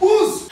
Uso!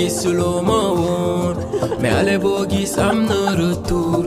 gis lu ma woon ale am na retour